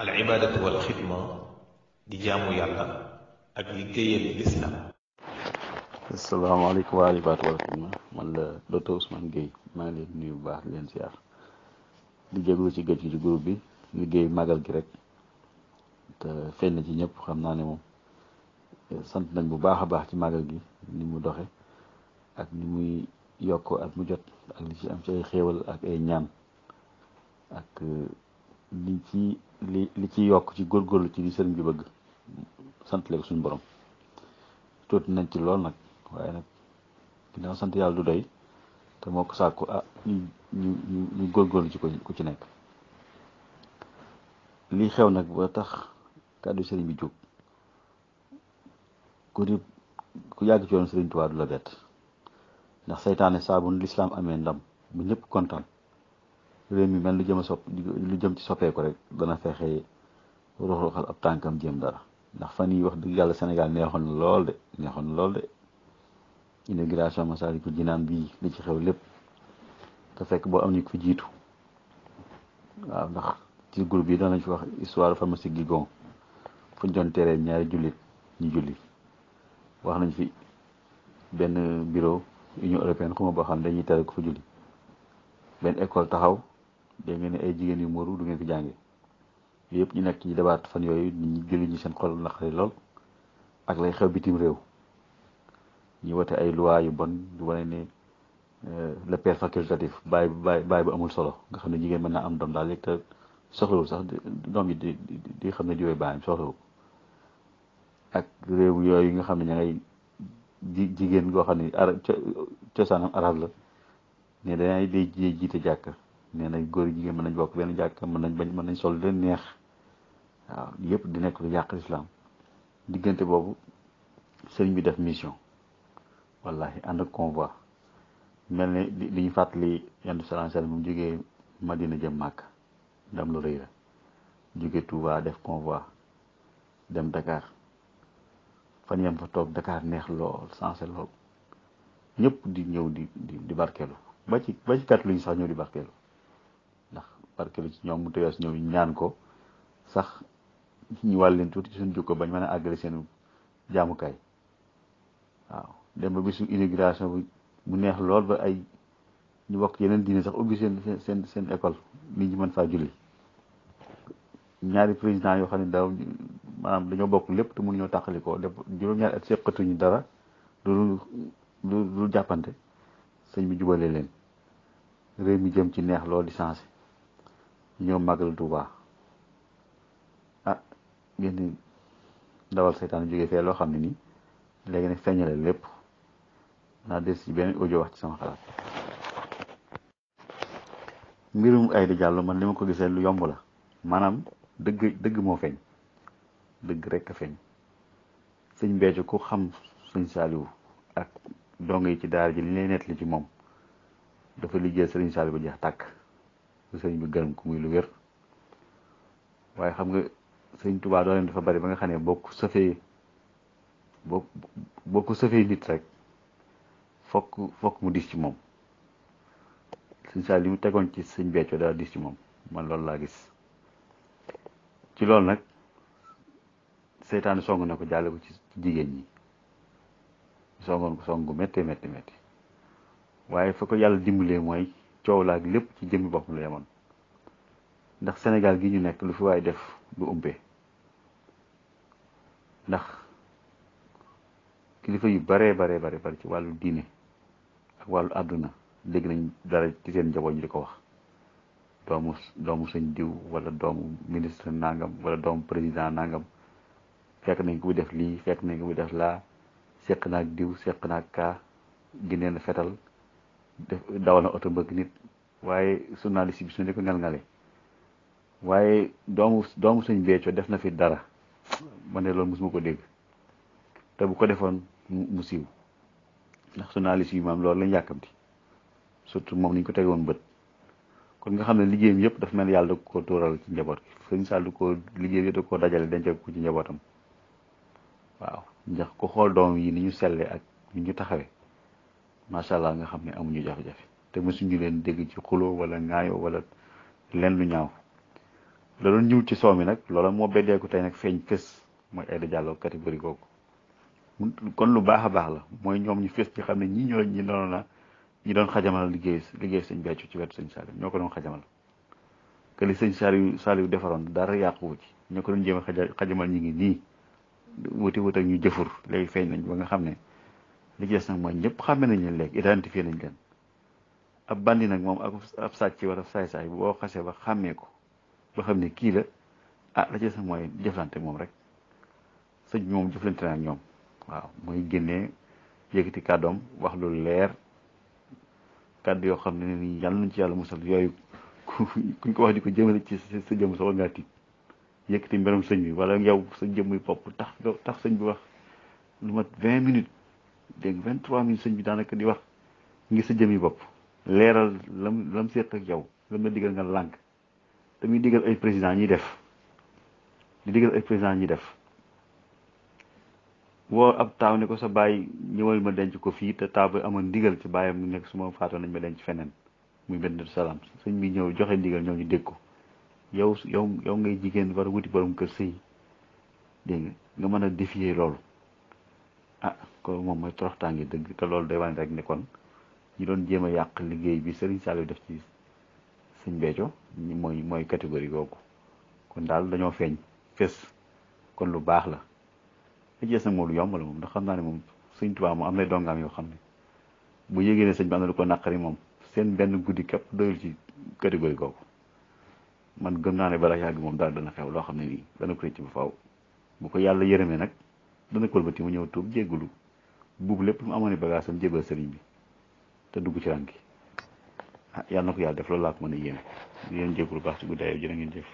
al ibaadatu wal xidma di jaamu yàlla ak ngi bu baax leen siyaar di jéglu ci gëj gi ci bi liggéey magal gi rek te feeñ na ci ñëpp xam naa ne moom sant nag bu baax a baax ci magal gi ni mu doxe ak ni muy yokk ak mu jot ak li ci am ci ay xéewal ak ay ñaan ak li ci li li ci yokk ci góorgóorlu ci li sëriñ bi bëgg sant leen ko suñu borom tuuti nañ ci lool nag waaye nag ginnaaw sant yàlla du dey te moo ko sàkku ah ñu ñu ñu góorgóorlu ci ku ci nekk lii xew nag ba tax kàddu sëriñ bi jóg ku di ku yàgg ci yoon sëriñ Tuubaa du la bett ndax seytaane saabu lislaam amee ndam bu ñëpp kontaan réew mi mel lu jëm a sopp lu jëm ci soppeeku rek dana fexe ruxruxal ab tànkam jëm dara ndax fan yi wax dëgg yàlla Sénégal neexoon na lool de neexoon na lool de immigration Masaalikul Jinaan bi li ci xew lépp te fekk boo am ñu ko fi jiitu waaw ndax ci groupe yi danañ fi wax histoire pharmacie gi gon fu ñu doon teree ñaari jullit ñu juli wax nañ fi benn bureau union européenne xuma boo xam dañuy tere ko fa julli benn école taxaw da ngeen ay jigéen yu mooru du ngeen fi jànge yëpp ñu nekk ci débat fan yooyu nit ñi jëli seen xol naqari lool ak lay xew bitim réew ñu wote ay loi yu bon du wane ne euh, le père facultatif bàyyi bàyyi bàyyi bu amul solo nga xam ne jigéen mën naa am doom daal léegi te soxlawul sax doom yi di di xam ne jiwee bàyyam soxlawul ak réew yooyu nga xam ne ña ngay jigéen goo xam ne ara cosaanam arab la ne dañay day jiite jàkka nee na góor jigéen mën nañ bokk benn jàkk mën nañ bañ mën nañ sol leen neex waaw yépp di nekk lu yàq lislaam diggante boobu sëriñ bi def mission wallahi ànd ak convoi mel ni li ñu fàttali yenn sallallahu alayhi wasallam mu jógee Madina jëm màkk ndam lu rëy la jóge Touba def convoi dem Dakar fan yam fa toog Dakar neex lool sensé lool ñëpp di ñëw di di di barkeelu ba ci ba ci kat luñ sax ñëw di barkeelu barkelu ci ñoom mu teewees ñëw ñaan ko sax ñu wàll leen tuuti suñu ko bañ mën a àggale seenu jaamukaay waaw dem ba bisu inauguration bi mu neex lool ba ay ñu bokk yeneen diine sax ubbi seen seen seen école nit ñi mën faa julli ñaari président yoo xam ne daaw maanaam dañoo bokk lépp te mënuñoo tàqali ko lépp juróom-ñaari at dara du du du jàppante sëñ bi jubale leen réew mi jëm ci neex lool di changé ñoo màggal Tuuba ah ngeen dawal seytaan jóge fee loo xam ne nii léegi nag feeñale lépp naa des ci benn audio wax ci sama xalaat mbirum Aida Diallo man li ma ko gisee lu yomb la maanaam dëgg dëgg moo feeñ dëgg rekk a feeñ sëñ Béthio ku xam sëñ Saliou ak dong yi ci daara ji li lay nettali ci moom dafa liggéey sëriñ Saliou ba jeex tàkk sëriñ bi gërëm ko muy lu wér waaye xam nga sëriñ Tuubaa dooleem dafa bari ba nga xam ne boo ko sëfee boo boo ko sëfee nit rek fokk fokk mu dis ci moom sëñ saa li mu tegoon ci sëñ Béthio daa dis ci moom man loolu laa gis ci loolu nag seytaane song na ko jàlle ko ci jigéen ñi songoon ko song gu métti métti métti waaye fa ko yàlla dimbalee mooy coow laak lépp ci jëmmi mu la yemoon ndax Sénégal gi ñu nekk lu fi waay def du ubbee ndax kilifa yu baree baree bare bari ci wàllu diine ak wàllu àdduna dégg nañ dara ci seen njaboot ñu di ko wax doomu doomu sëñ diw wala doomu ministre nangam wala doomu président nangam fekk nañ ko bu def lii fekk nañ ko bu def laa seq naag diw seq naag kaa gi neen fetal def dawal na oto mbëgg nit waaye journaliste bi su ne ko ngal-ngale waaye doomu doomu sëñ Béthio def na fi dara ma ne loolu mosuma ko dégg te bu ko defoon mu siiw ndax journaliste yi maam loolu lañ yàkkamti surtout moom ni ko teg woon bët kon nga xam ne liggéeyam yëpp daf mel ne yàlla da ko tóoral ci njaboot gi sëñ Sall du ko liggéeyam yëpp da ko dajale denc ko ci njabootam waaw ndax ku xool doom yi ni ñu selle ak ni ñu taxawee macha allah nga xam ne amuñu jafe-jafe te mosuñu leen dégg ci xuloo walla ŋaayoo wala leen lu ñaaw la doon ñëw ci soow mi nag loola moo beddeeku tey nag feeñ fës mooy Aida Diallo catégorie googu kon lu baax a baax la mooy ñoom ñu fës ci xam ne ñii ñoo ñi doon na ñi doon xajamal liggéey liggéey sëñ beccu ci wetu sëñ Saliou ñoo ko doon xajamal que li sëñ Saliou Saliou defaroon dara yàquwu ci ñoo ko doon jéem a xajamal ñi ngi nii wuti wut ak ñu jëfur léegi feeñ nañ ba nga xam ne li ci des nag mooy ñëpp xàmme nañ leen léegi identifié nañ leen ab bandi nag moom ak ab sàcc wala saay-saay boo xasee ba xàmmee ko ba xam ne kii la ah la ci des nag mooy jëflante moom rek sëñ bi moom jëflante naa ñoom waaw mooy génnee yëkkati kàddoom wax lu leer kàddu yoo xam ne ni yàlla nañ ci yàlla musal yooyu kuñ ko wax di ko jëmale ci sa jëm sa war ngaa tiit yëkkati mbiram sëñ bi wala yow sa jëmmuy bopp tax tax sëñ bi wax lu mat vingt minutes dégg nga vingt trois mille sëñ bi daanaka di wax ngir sa jëmi bopp leeral lam lam seet ak yow lam la digal nga lànk te muy digal ay président ñuy def di digal ay président ñuy def woo ab taaw ne ko sa bàyyi ñëwal ma denc ko fii te taaw bi amoon ndigal ci bàyyam mu nekk su ma faatoo nañ ma denc feneen muy benn salaam sëñ bi ñëw joxe ndigal ñoo ñu dégg ko yow yow yow ngay jigéen war a wuti borom kër sëy dégg nga nga mën a défier loolu ko moom mooy toroxtaange dëgg te loolu day wane rek ne kon ñi doon jéem a yàq liggéey bi Serigne Saliou def ci Sëñ Béthio mooy mooy catégorie googu kon daal dañoo feeñ fés kon lu baax la li ci des nag moom lu yomb la moom ndax xam naa ne moom Sëñ Tuubaa moom am na dongaam yoo xam ne bu yëgee sëñ bi am na lu ko moom seen benn guddi képp doyul ci catégorie googu man gëm naa ne balaa yàgg moom daal dana xew loo xam ne nii dana ko rëcc bu faaw bu ko yàlla yërëmee nag dana ko wëlbati mu ñëw tuub jéggulu buubu lépp lu mu amoon bagage am jébal sëriñ bi te dugg ci rànk yi ah yàlla na ko yàlla def loolu laa ko mën a yéen di leen jégalu baax ci guddaay yi jërë ngeen jëf